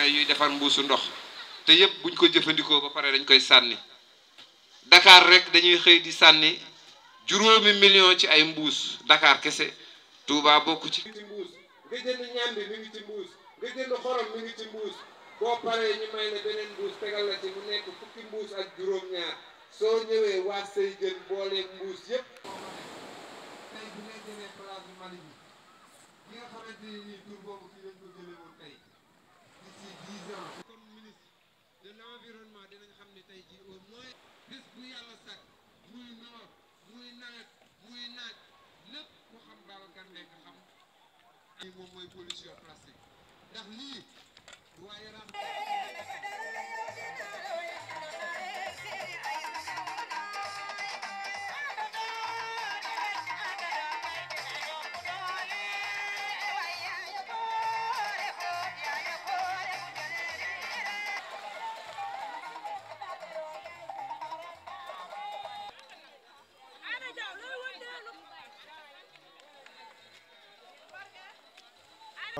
yuy defar mbuusu ndox te yëpp buñ ko jëfandikoo ba pare dañ koy sànni Dakar rek dañuy xëy di sànni juróomi million ci ay mbuus Dakar kese Touba bokk ci. mi ngi ci ci mbuus nga jënd ngi ci mbuus boo paree may la beneen mbuus tegal la ci mu nekk fukki mbuus ak juróom-ñaar soo ñëwee waat say jën boole mbuus yëpp. comme ministre de l' environnement dinañ xam ne tey jii au moins bés bu yàlla sàkk muy noor muy nawet muy naaj lépp ku xam Babacar Mbengue xam. lii moom mooy pollution plastique ndax lii waaye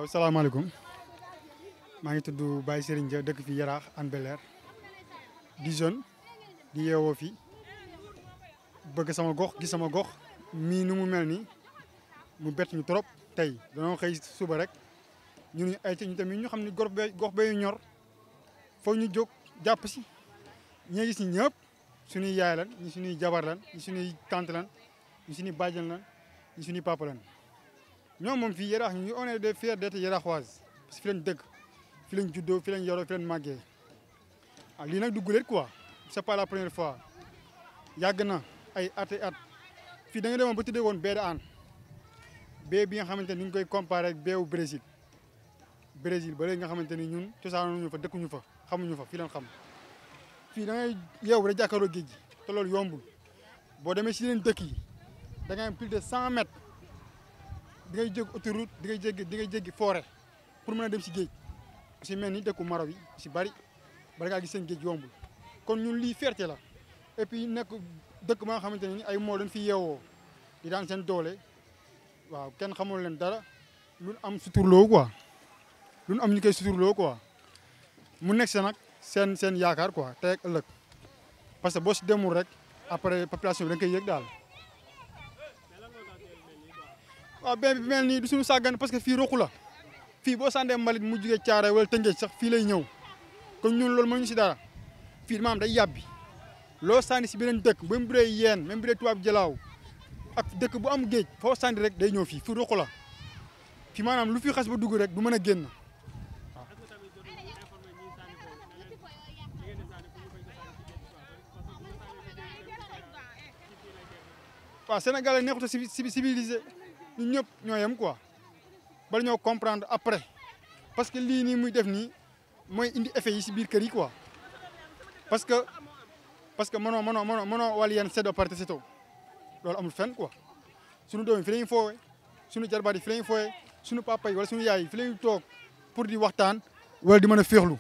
Assalamualaikum. salaamaaleykum maa ngi tudd Baye Serigne Dia dekk fi yarax an bel di jeune di yewo fi bëgg sama gox gi sama gox mi nu mu melni mu bet ñu trop da danoo xey suba rek ñu ñu ay ñu tammi ñu xam gox ñor fo ñu jog japp si ñi gis ni ñepp suñu yaay lan ñi suñu jabar lan ñi suñu tante lan ñi suñu bajjal lan ñi suñu papa lan ñoom moom fii yaraax ñu on est des fiers d'être yaraaxoise parce que fi lañ dëkk fi lañ juddoo fi lañ yoroo fi ah, lii nag dugg guléet quoi c'est pas la première fois yàgg na ay at at fii da nga demoon ba tuddee woon bee de aan bee bi nga xamante ni ñu koy comparé ak beewu Brésil Brésil ba léegi nga xamante ni ñun cosaanuñu fa dëkkuñu fa xamuñu fa fii lañ xam fii da ngay yeewu rek jàkkaaroo géej te loolu yombul boo demee si yeneen dëkk yi da ngay plus de cent mètres di ngay jéggi autoroute di ngay jéggi di ngay jéggi forêt pour mën dem si géej si mel ni dëkku Maroc yi si bari bari ngaa gis seen géej yombul kon ñun lii fierté la et puis nekk dëkk ba nga xamante ne ni ay moo dañ fi yeewoo di daan seen doole waaw kenn xamul leen dara lu am suturloo quoi lu am ñu koy suturloo quoi mu nekk seen nag seen seen yaakaar quoi tey ëllëg parce que boo si demul rek après population bi da nga koy daal. waaw benn bi mel nii du suñu sàggan parce que fii roqu la fii boo sàndee malit mu jugee caare wala tëngee sax fii lay ñëw kon ñun loolu mënuñu si dara fii maam day yàbbi loo sànni si beneen dëkk même bu yeen même bu dee tubaab jalaaw ak dëkk bu am géej foo sànni rek day ñëw fii fii roqu la fii maanaam lu fi xas ba dugg rek du mën a génn waaw. waaw Sénégal neexut ñun ñëpp ñoo quoi comprendre après parce que lii nii muy def nii mooy indi effet yi si biir kër yi quoi parce que parce que mënoo mënoo mënoo mënoo yenn seddoo amul fenn quoi suñu doom fi foowee suñu jarbaat yi fi foowee suñu papa yi wala suñu yaay yi fi pour di waxtaan wala di mën a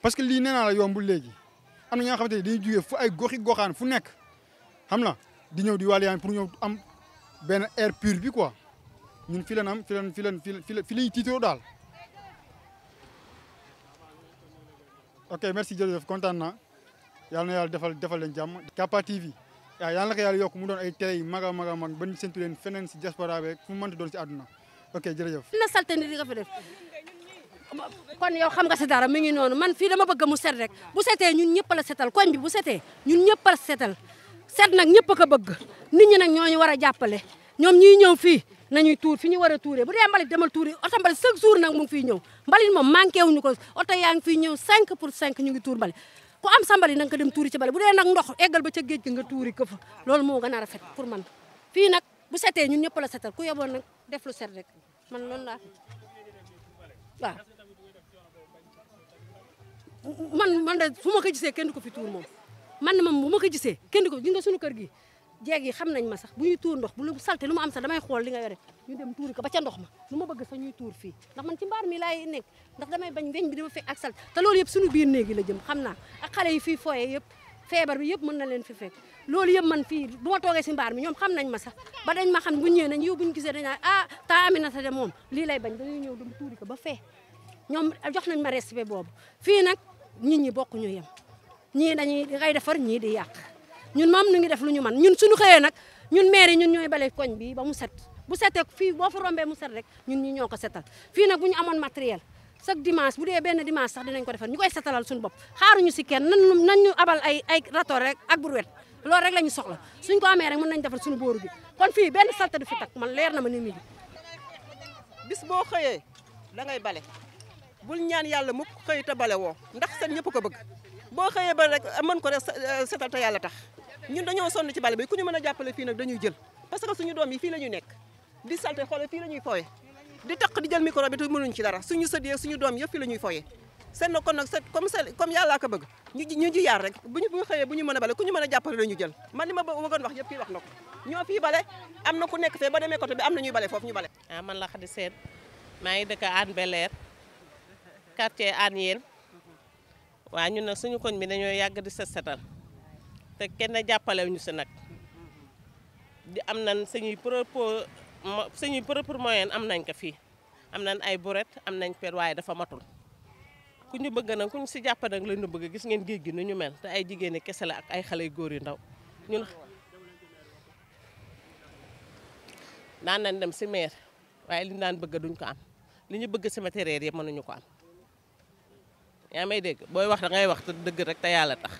parce que lii nee naa la yombul léegi am na ñoo xamante dañuy jugee fu ay goxi goxaan fu nekk xam di ñëw di benn air pur bi quoi ñun fi leen am fi leen fi leen fi leen fi lañ tiitoo daal ok merci jërëjëf kontaan naa yàlla na yàlla defal defal leen jàmm. Capa TV waaw yàlla na ko yàlla yokk mu doon ay télé yu mag a mag a mag ba ñu séntu leen feneen si diaspora bi fu mu mënti doon si àdduna ok jërëjëf. na salte ni li nga fi def kon yow xam nga si dara mi ngi noonu man fii dama bëgg mu set rek bu setee ñun ñëpp la setal koñ bi bu setee ñun ñëpp la setal. seet nag ñëpp a ko bëgg nit ñi nag ñooñu war a jàppale ñoom ñuy ñëw fii nañuy tuur fi ñu war a tuuree bu dee mbalit demal tuuri oto mbalit chaque jour nag mu ngi fiy ñëw mbalit moom manqué wuñu ko oto yaa ngi fiy ñëw 5 pour 5 ñu ngi tuur mbalit am sa mbalit na nga ko dem tuuri ci mbalit bu dee nag ndox eggal ba ca géej gi nga tuuri ko fa loolu moo gën a rafet pour man fii nag bu setee ñun ñëpp la setal ku yeboon nag def lu set rek man loolu laa waaw man man de su ma ko gisee kenn ko fi tuur moom man ma bu ma ko gisee kenn du ko gis nga suñu kër gi jeeg xam nañ ma sax bu ñuy tuur ndox bu lu salté lu ma am sax damay xool li nga yore ñu dem tuuri ba ca ndox ma lu ma bëgg sax ñuy tuur fii ndax man ci mbaar mi laay nekk ndax damay bañ weñ bi dama fekk ak salté te loolu yëpp suñu biir néegi la jëm xam naa ak xale yi fii fooye yëpp feebar bi yëpp mën na leen fi fekk loolu yëpp man fii bu ma toogee si mbaar mi ñoom xam nañ ma sax ba dañ ma xam bu ñëwee nañ yow buñu gisee dañaa ah ta amina sa de moom lii lay bañ dañuy ñëw dem tuuri ko ba fee ñoom jox nañ ma respect boobu fii nag nit ñi bokkuñu yem ñii dañuy ngay defar ñii di yàq ñun moom ñu ngi def lu ñu mën ñun suñu xëyee nag ñun maire yi ñun ñooy bale koñ bi ba mu set bu setee fii boo fa rombee mu set rek ñun ñi ñoo ko setal fii nag bu ñu amoon matériel chaque dimanche bu dee benn dimanche sax dinañ ko defar ñu koy setalal suñu bopp xaaruñu si kenn nan nan ñu abal ay ay rato rek ak brouette loolu rek la ñu soxla suñ ko amee rek mën nañ defar suñu booru bi kon fii benn salte du fi tak man leer na ma ni mi bis boo xëyee da ngay bale bul ñaan yàlla mukk xëy te bale woo ndax seen ñëpp ko bëgg boo xëyee ba rek eh, mën ko rek eh, setal te yàlla tax ñun dañoo sonn ci bale bi ku ñu mën a jàppale fii nag dañuy jël parce que suñu doom yi fii la nekk di salte xoole fii la ñuy fooye di taq di jël micro ci dara suñu sët yeeg suñu doom yëpp fii la ñuy fooye seen na kon nag set comme se comme yàllaa ko bëgg ñu ñu ji yaar rek bu ñu bu xëyee bu ñu mën a bale ku ñu mën a jàppale dañu jël man li ma bëggoon wax yëpp kii wax na ñoo fii bale am na ku nekk fee ba demee côté bi am na ñuy bale foofu ñu bale ah man la Khady Sène maa ngi dëkk Hann Bel-Air quartier Hann waa ñun nag suñu koñ bi dañoo yàgg di set te kenn jàppalewu ñu si nag di am nañ suñuy propre suñuy propre am nañ ko fii am nan ay buret am nañ per waaye dafa matul ku ñu bëgg nag ku ñu si jàpp nag lañu bëgg gis ngeen géej gi nu ñu mel te ay jigéeni kese la ak ay xale yu góor yu ndaw ñun daan nañ dem si meer waaye li ñu daan ko am li ñu bëgg si matériel yëpp mënuñu ko am yaa may dégg booy wax da ngay wax te dëgg rek ta yàlla tax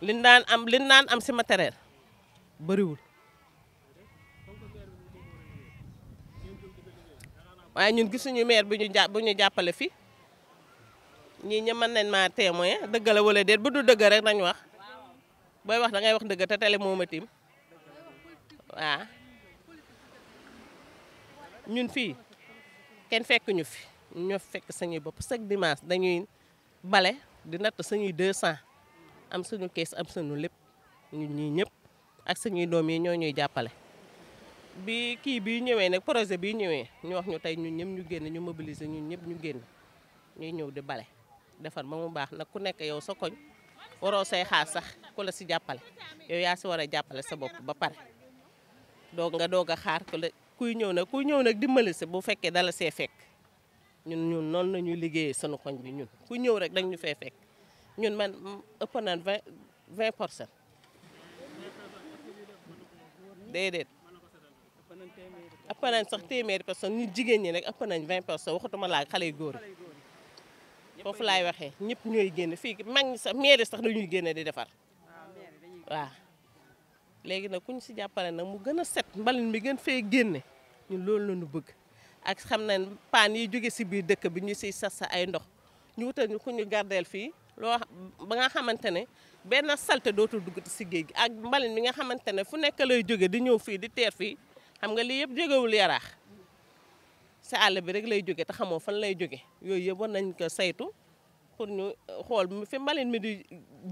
lin daan am lin daan am si matériel bariwul waaye ñun gisuñu maire bu ñu jà ñu jàppale fi ñii ñë mën nañ maa témoin dëgg la wala déet bu du dëgg rek nañ wax booy wax da ngay wax dëgg te télé moo ma tiim waaw ñun fii kenn fekk ñu fi ñoo fekk sañuy bopp chaque dimanche dañuy bale di natt suñuy 200 am suñu kees am suñu lépp ñun ñii ñëpp ak suñuy doom yi ñoo ñuy jàppale. bi kii bii ñëwee nag projet bii ñëwee ñu wax ñu tey ñu ñëpp ñu génn ñu mobiliser ñun ñëpp ñu génn ñuy ñëw di bale defar ma mu baax nag ku nekk yow sa koñ waroo say xaar sax ku la si jàppale yow yaa si war a jàppale sa bopp ba pare doog nga doog a xaar ku la kuy ñëw nag ku ñëw nag dimbali si bu fekkee dala see fekk. ñun ñun noonu lañuy ñuy liggéeyee sunu koñ bi ñun ku ñëw rek dañ ñu fee fekk ñun man ëpp naan vingt vingt pour cent déedéet ëpp nañ sax téeméeri personne ñu jigéen ñi rek ëpp nañ vingt pour cent waxatuma laa xale yu góor yi foofu lay waxee ñëpp ñooy génn fii mag ñi sax mairie sax dañuy génn di defar waaw léegi nag ku si jàppale nag mu gën a set mbalin mi gën fee génne ñun loolu la ñu bëgg ak xam na paan yi jóge si biir dëkk bi ñu siy sassa ay ndox ñu wutal ñu ku ñu gardeel fii loo ba nga xamante ne benn salte dootul dugg si géej gi ak mbalin mi nga xamante ne fu nekk lay jóge di ñëw fii di teer fii xam nga lii yëpp jógewul yaraax si àll bi rek lay jóge te xamoo fan lay jóge yooyu yëpp war nañ ko saytu pour ñu xool mu fi mbalin mi di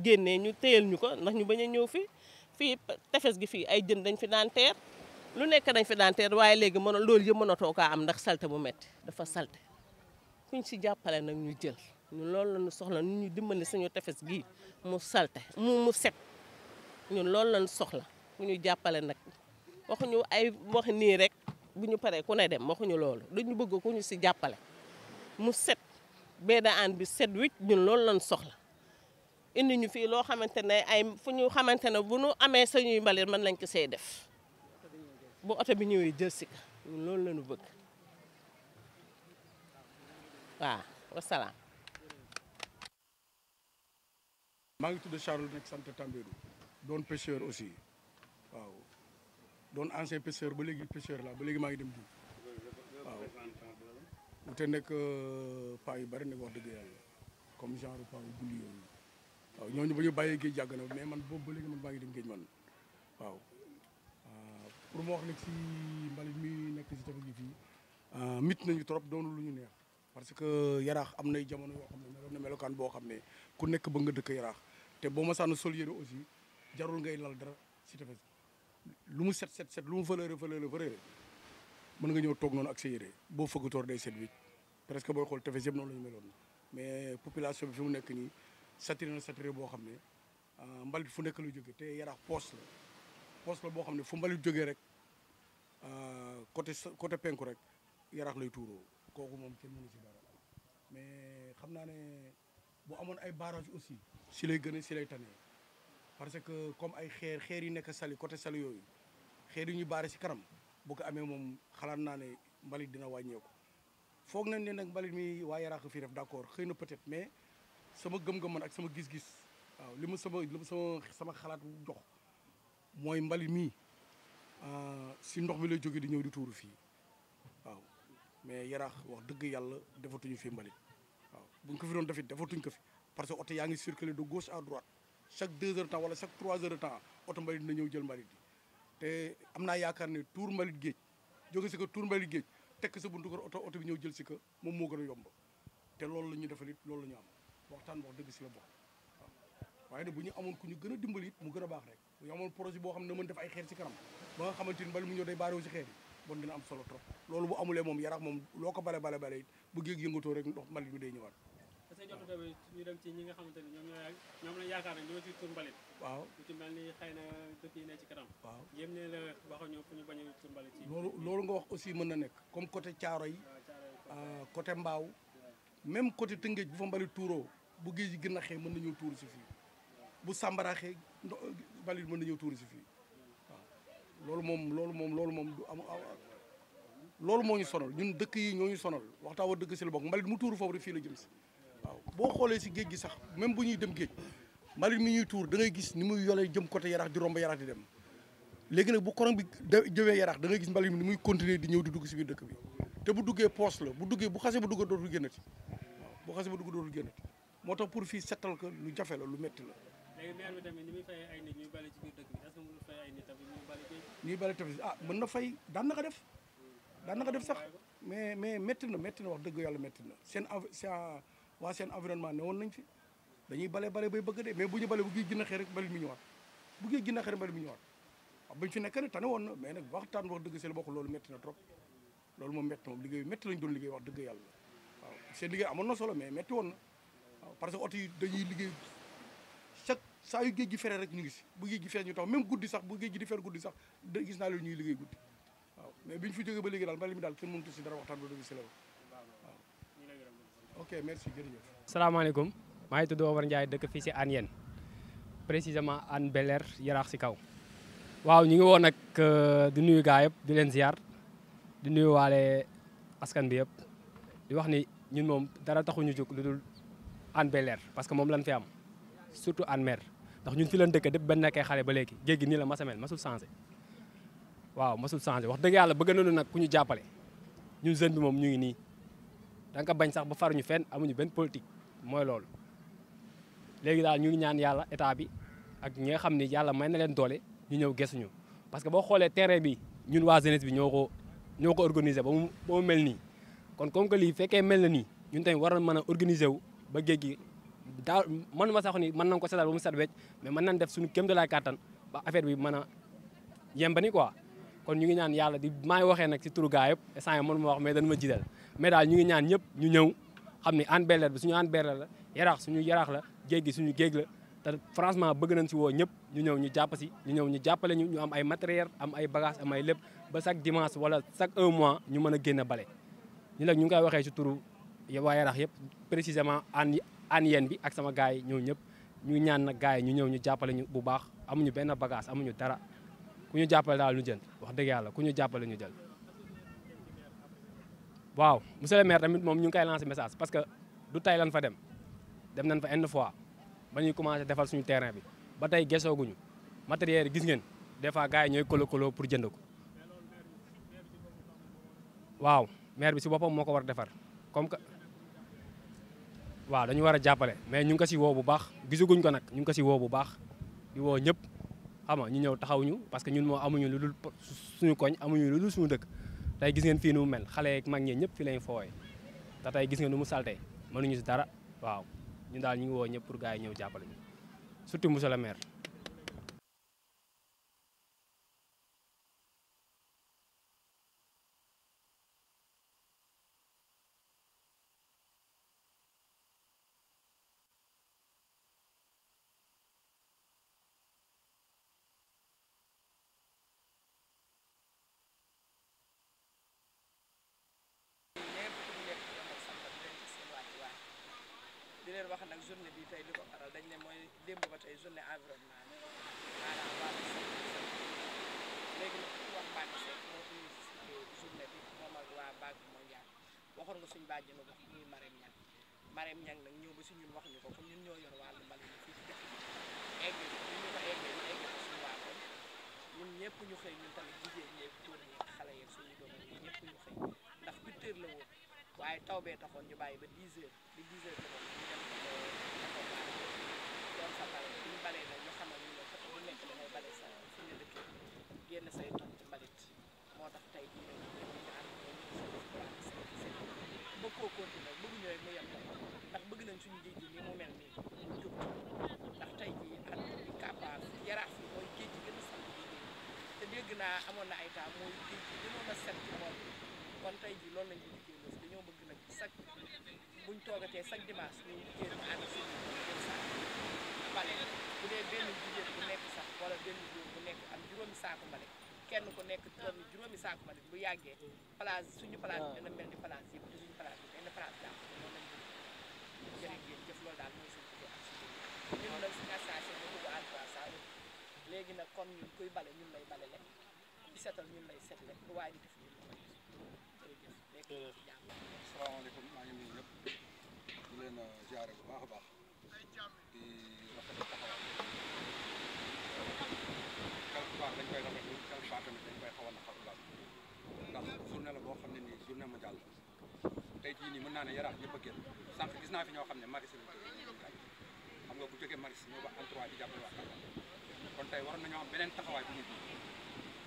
génnee ñu téyel ñu ko ndax ñu bañ a ñëw fii fii tefes gi fii ay jën dañ fi daan teer lu nekk dañ fi daan waaye léegi mën loolu yëpp mënatoo kaa am ndax salte bu metti dafa salte kuñ si jàppale nag ñu jël ñun loolu la soxla nu ñu dimbali suñu tefes gii mu salte mu set ñun loolu la soxla ku ñu jàppale nag waxuñu ay wax nii rek bu ñu pare ku ne dem waxuñu loolu dañu bëgg ku ñu si jàppale mu set bee da aan bi set wicc ñun loolu la ñu soxla indi ñu fii loo xamante ne ay fu ñu xamante ne bu nu amee sañuy mbalit mën lañ ko see def bo auto bi ñëwé jël si loolu lañu bëgg wa wasalaam. ma ngi tudd Charles nek sante Tambédou doon pêcheur aussi waaw doon ancien pêcheur ba légui pêcheur la ba légui ma ngi dem jiw waaw wuté nek nekk euh, yu bari nek wax dëgg yalla comme genre paa yu gulli yooyu waaw ñoo ñu bañu bayé géej jagg na mais man bo ba légui man maa ngi dem géej man waaw. pour moo wax ne si mbalit mi nekk si tefes gi fii euh, mit nañu trop doonu lu ñu neex parce que yaraax am nay jamono yoo xam ne meloon na melokaan boo xam ne ku nekk ba nga dëkk yaraax te boo ma sànn sol yére aussi jarul ngay lal dara si tefes lu mu set set set lu mu fëleere fëleere fëleere mën nga ñëw toog noonu ak yére boo fëggatoor day set presque booy xool tefes yëpp noonu la ñu meloon mais population bi fi mu nekk nii saturé na saturé boo xam ne euh, mbalit fu nekk lu jóge te yaraax poos la poste la boo xam ne fu mbalit jógee rek euh, côté côté penku rek yaraax lay tuuroo kooku moom kenn mënu si dara mais xam naa ne bu amoon ay barrage aussi si lay gën a si lay tane parce que comme ay xeer xeer yi nekk sali côté sali yooyu xeer yi ñu baare si kanam bu ko amee moom xalaat naa ne mbalit dina wàññeeku foog nañ ne nag mbalit mi waa yaraax fii def d'accord xëy na peut-être mais sama gëm-gëm ak sama gis-gis waaw li ma sama li ma sama sama xalaat jox mooy mbalit mii ah, si ndox mi lay jóge di ñëw di tuur fii waaw mais yaraax wax dëgg yàlla defatuñu fi mbalit waaw buñ ko fi doon defit defatuñ ko fi parce que oto yaa ngi circuler de gauche à droite chaque deux heures de temps wala chaque trois heures temps oto mbalit na ñëw jël mbalit bi te am naa yaakaar ne tuur mbalit géej jóge si ko tuur mbalit géej tekk sa buntu kër oto oto bi ñëw jël si ko moom moo gën a yomb te lool la ñu defal it loolu la am waxtaan wax dëgg si la bokk waaw bu ñu amoon ku ñu gën a dimbali mu gën a rek bu ñu amoon projet boo xam ne na mën def ay xeer ci kanam ba nga xamante ni bal mu ñëw day baariwu ci xeer yi bon dina am solo trop loolu moom yarax moom loo ko bale bale bale it bu géeg yëngatoo rek ndox mbalit mi day ñëwaat ñi nga xamante ni ñoom ñooy la yaakaar ne ñoo ci tur mbalit waaw lu ci mel ni na dëkk yi ne ci kanam la waxa ñoo fu ñu bañ a loolu nga wax aussi mën na nekk comme côté caaro ah, yi côté ah, mbaaw même coté tëngéej bu fa mbalit tuuroo bu géej gi gën a xee mën nañoo tuur si fii bu sàmbaraaxee ndox mbalit mën na ñëw tuuri si fii waaw loolu moom loolu moom loolu moom du am loolu moo ñu sonal ñun dëkk yi ñoo ñu sonal waxtaan wa dëkk si la bokk mbalit mu tuuru foofu rek fii la jëm si waaw boo xoolee si géej gi sax même bu ñuy dem géej mbalit mi ñuy tuur da ngay gis ni muy yolee jëm côté yarax di romb yarax di dem léegi nag bu korong bi jëwee yarax da ngay gis mbalit mi ni muy continuer di ñëw di dugg si biir dëkk bi te bu duggee poos la bu duggee bu xasee ba dugg dootul génnati waaw bu xasee ba dugg dootul génnati moo tax pour fii settal ko lu jafe la lu metti la léegi maire bi tamit ni muy fay ay nit ñuy bale ci biir ah, na fay daan na ko def daan na ko def sax mais mais na métti na wax dëgg yàlla métti na seen en waa seen environnement ne woon nañ fi dañuy bale bale bay bëgg de mais bu ñu bale bu ngi gën a xëy rek mbalit mi ñëwaat bu ngi gën a xëy rek mbalit mi ñëwaat waaw fi nekk ne tane woon na mais nag waxtaan wax dëgg seen bopp loolu métti na trop loolu moom métti moom liggéey métti lañ doon liggéey wax dëgg yàlla waaw seen liggéey amoon na solo mais métti woon na parce sa yu géej gi feree rek ñu ngi ci bu géej gi feeñ ñu tax même goudi sax bu géej gi di fer goudi sax de gis na la ñuy liggéey goudi waaw mais biñ ñu fi jógee ba léegi dal ba limi dal kenn mënut ci dara waxtan do gis la waaw ok merci jërëjëf salaamaaleykum maa ngi tudd Omar ndjay dëkk fi ci an Yenne précisément an beler yarax ci kaw waaw ñu ngi won nak euh, di nuyu gaa yëpp di len ziar di nuyu walé askan bi yëpp di wax ni ñun mom dara taxu ñu juk dul an beler parce que mom lañ fi am surtout an mère ndax ñun fi leen dëkk dëpp benn nekkee xale ba léegi géej nii la masamel masul changé waaw masul changé wax dëgg yàlla bëgg nañu nag ku ñu jàppale ñun jeune bi moom ñu ngi nii da bañ sax ba faruñu fenn amuñu benn politique mooy loolu léegi daal ñu ngi ñaan yàlla état bi ak ñi nga xam ne yàlla may na leen doole ñu ñëw gëstuñu parce que boo xoolee terrain bi ñun waa jeunesse bi ñoo ko ñoo ko organisé ba mu ba mel nii kon comme que lii fekkee mel na nii ñun tamit war na mën a organiser wu ba géej gi daa man ma sax ni mën nañ ko setal ba mu mais mën nañ def suñu kéem a la kàttan ba affaire bi mën a ni quoi kon ñu ngi ñaan yàlla di maa waxee nag si turu gaa yëpp sant mën ma wax mais dañ ma jiital mais daal ñu ngi ñaan ñëpp ñu ñëw xam ni Hann Bel-Air bi suñu Hann bel la yaraax suñu yaraax la géej suñu géej la te franchement bëgg nañ si woo ñëpp ñu ñëw ñu jàpp si ñu ñëw ñu jàppale ñu ñu am ay matériel am ay bagage am ay lépp ba chaque dimanche wala chaque un mois ñu mën a génn bale ñu nag ñu ngi koy waxee si turu waa yaraax yëpp an yen bi ak sama gaay ñoo ñep ñu ñaan na gaay ñu ñew ñu jappalé ñu bu baax amuñu benn bagage amuñu dara ku ñu jàppale dal ñu jël wax deug yalla ku ñu jappalé ñu jël waaw monsieur le maire tamit mom ñu ngi lancer message parce que du tay lan fa dem dem nañ fa une fois ba ñuy commencé suñu terrain bi ba tey gesooguñu matériel gis ngeen des fois gaay ñoy kolo kolo pour jënd ko waaw maire bi ci bopam moko war défar comme que waaw dañu war a jàppale mais ñu ngi ko si woo bu baax gisaguñ ko nag ñu ngi ko si woo bu baax di woo ñëpp xam ñu ñëw taxaw ñu parce que ñun moo amuñu lu dul suñu koñ amuñu lu dul suñu dëkk tey gis ngeen fii nu mu mel xale yeeg mag ñee ñëpp fii lañ fooy te tey gis ngeen nu mu salte mënuñu si dara waaw ñu daal ñu ngi woo ñëpp pour gars yi ñëw jàppale ñu surtout monsieur le maire leen wax nag journée bi tey li ko faral dañ ne mooy démb ba tey journée environnement bi maanaam Wally Seck moo initié waxoon nga suñ bàjjenu gox muy Marème Niang Marème Niang nag ñëw ba si ñun wax ñu ko comme ñun ñoo yor wàllu mbalit mi fii ci ñu ko egg ko suñu waa ñun ñëpp ñu xëy ñun tamit jigéen ñeeg góor waaye taw bee taxoon ñu bàyyi ba 10 heures bi 10 heures taxoon ñu dem euh, moo tax tey jii nag ñu ngi ndax bëgg nañ suñu géej gi ni tey jii at bi kàppaar yi mooy géej gi gën a sant te dégg naa amoon na ay temps mooy géej gi gënoon a set ci moom kon tey ji loolu lañ chaque buñ toogatee chaque dimanche ñu jéem a ànd si ñun bu dee benn jigéen bu nekk sax wala benn góor bu nekk am juróomi saako mbale kenn ku nekk toog juróomi saako mbale bu yàggee place suñu place dina mel ni place yëpp te suñu place bi benn place daa suñu tuddee ak suñu ñun nag suñu association bi dugg Alpha Sall léegi nag comme ñun kuy bale ñun lay bale le di setal ñun lay setle lu waaye di def ñun asalaamaaleykum maa ngi nuyu ñëpp di leen uh, ziare bu baax a baax di rafetlu taxawaay quelque part dañ koy rafetlu quelque part tamit dañ koy xaw a naqaru daal journée la boo xam ne nii journée mondiale la tey jii nii mën naa ne yaraax yëpp a génn sànq gis naa fi ñoo xam ne maris lañ jógee xam nga bu jógee maris ñoo ba entroit di jàppale waa kon tey waroon nañoo am beneen taxawaay bu ñu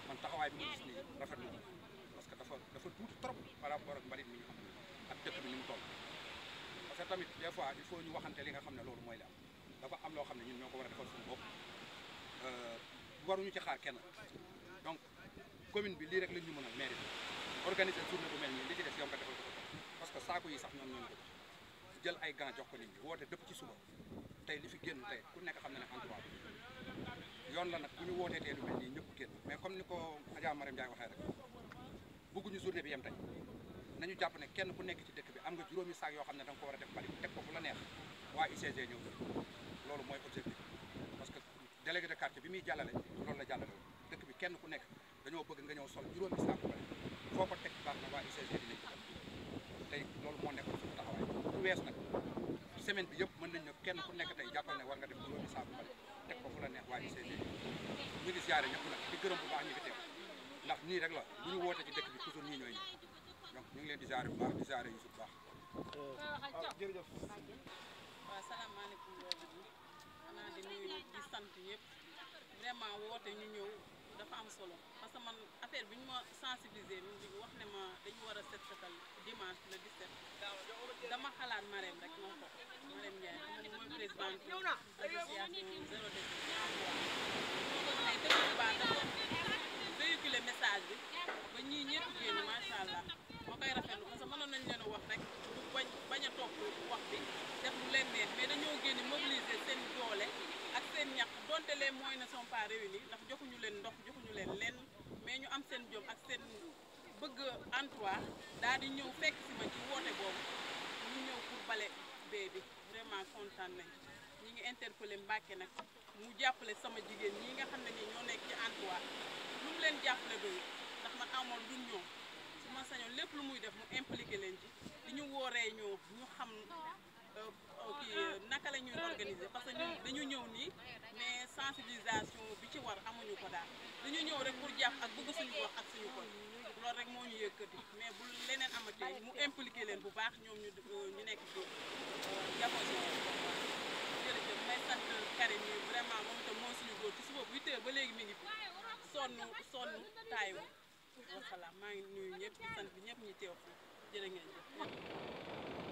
man taxawaay bi ñu gis nii rafetlu dafa tuuti trop par rapport ak mbalit mi ñu am ak dëkk bi ni mu toll parce que tamit des il faut ñu waxante li nga xam ne loolu mooy li am dafa am loo xam ne ñun ñoo ko war a defal suñu bopp euh, waruñu ci xaar kenn donc commune bi lii rek la ñu mën a mairie bi organiser journée bu mel nii li ci des yow nga defal ko parce que saako yi sax ñoom ñoo ko jël ay gants jox ko nit ñi woote dëpp ci suba tey li fi génn tey ku nekk xam ne ne entourage yoon la nag bu ñu ñëpp génn mais ko bëgguñu journée bi yem tey nañu jàpp ne kenn ku nekk ci dëkk bi am nga juróomi saak yoo xam ne da nga ko war a def bari teg ko fu la neex waa UCG ñëw loolu mooy objectif parce que délégué de bi muy jàllale loolu la jàllale dëkk bi kenn ku nekk dañoo bëgg nga ñëw sol juróomi saak bari foo ko teg baax na waa UCG ko def tey loolu moo nekk suñu nag semaine bi yëpp mën nañ ne kenn ku nekk tey jàppal ne war nga def juróomi saak bari teg ko fu la neex waa UCG ñu ngi siyaare ñëpp nag di gërëm bu baax ñu fi teew nii rek la bu ñu woote ci dëkk bi toujours ñii ñooy ñëw donc ñu ngi leen di ziare bu baax di ziare Youssouf bu baax. Ah, sant ñëpp vraiment woote ñu ñëw dafa am solo parce que man affaire bi ñu ma sensibiliser ñu ngi war a set setal dimanche le 17 village ba ñi ñëpp génn macha allah ma koy rafetlu parce que mënoon nañu leen a wax rek bu bañ bañ a topp wax bi def lu leen neex mais dañoo génn mobiliser seen doole ak seen ñax donte les moyens ne sont pas réunis ndax joxuñu leen ndox joxuñu leen lenn mais ñu am seen jom ak seen bëgg endroit daal di ñëw fekk si ma ci woote boobu ñu ñëw pour bale bee bi vraiment kontaan nañ ñi ngi interpellé Mbàkke nag mu jàppale sama jigéen ñi nga xam ne nii ñoo nekk ci emploi lu mu leen jàppale doyu ndax man amoon luñ ñoom su ma sañoon lépp lu muy def mu impliqué leen ci di ñu wooree ñoo ñu xam euh, kii naka la ñuy organiser parce que ñun dañu ñëw nii mais sensibilisation bi ci war amuñu ko daal dañu ñëw rek pour jàpp ak bëgg suñu wax ak suñu ko loolu rek moo ñu yëkkati mais bu leneen amatee mu impliqué leen bu baax ñoom ñu euh, ñu nekk ci jàppoon si jërëjëf may Karim yi vraiment moom itam moo suñu góor ci suba bu huit heures ba léegi mi ngi fi sonn sonn maa ngi nu ñëpp di sant bi ñëpp ñi teew fi jërë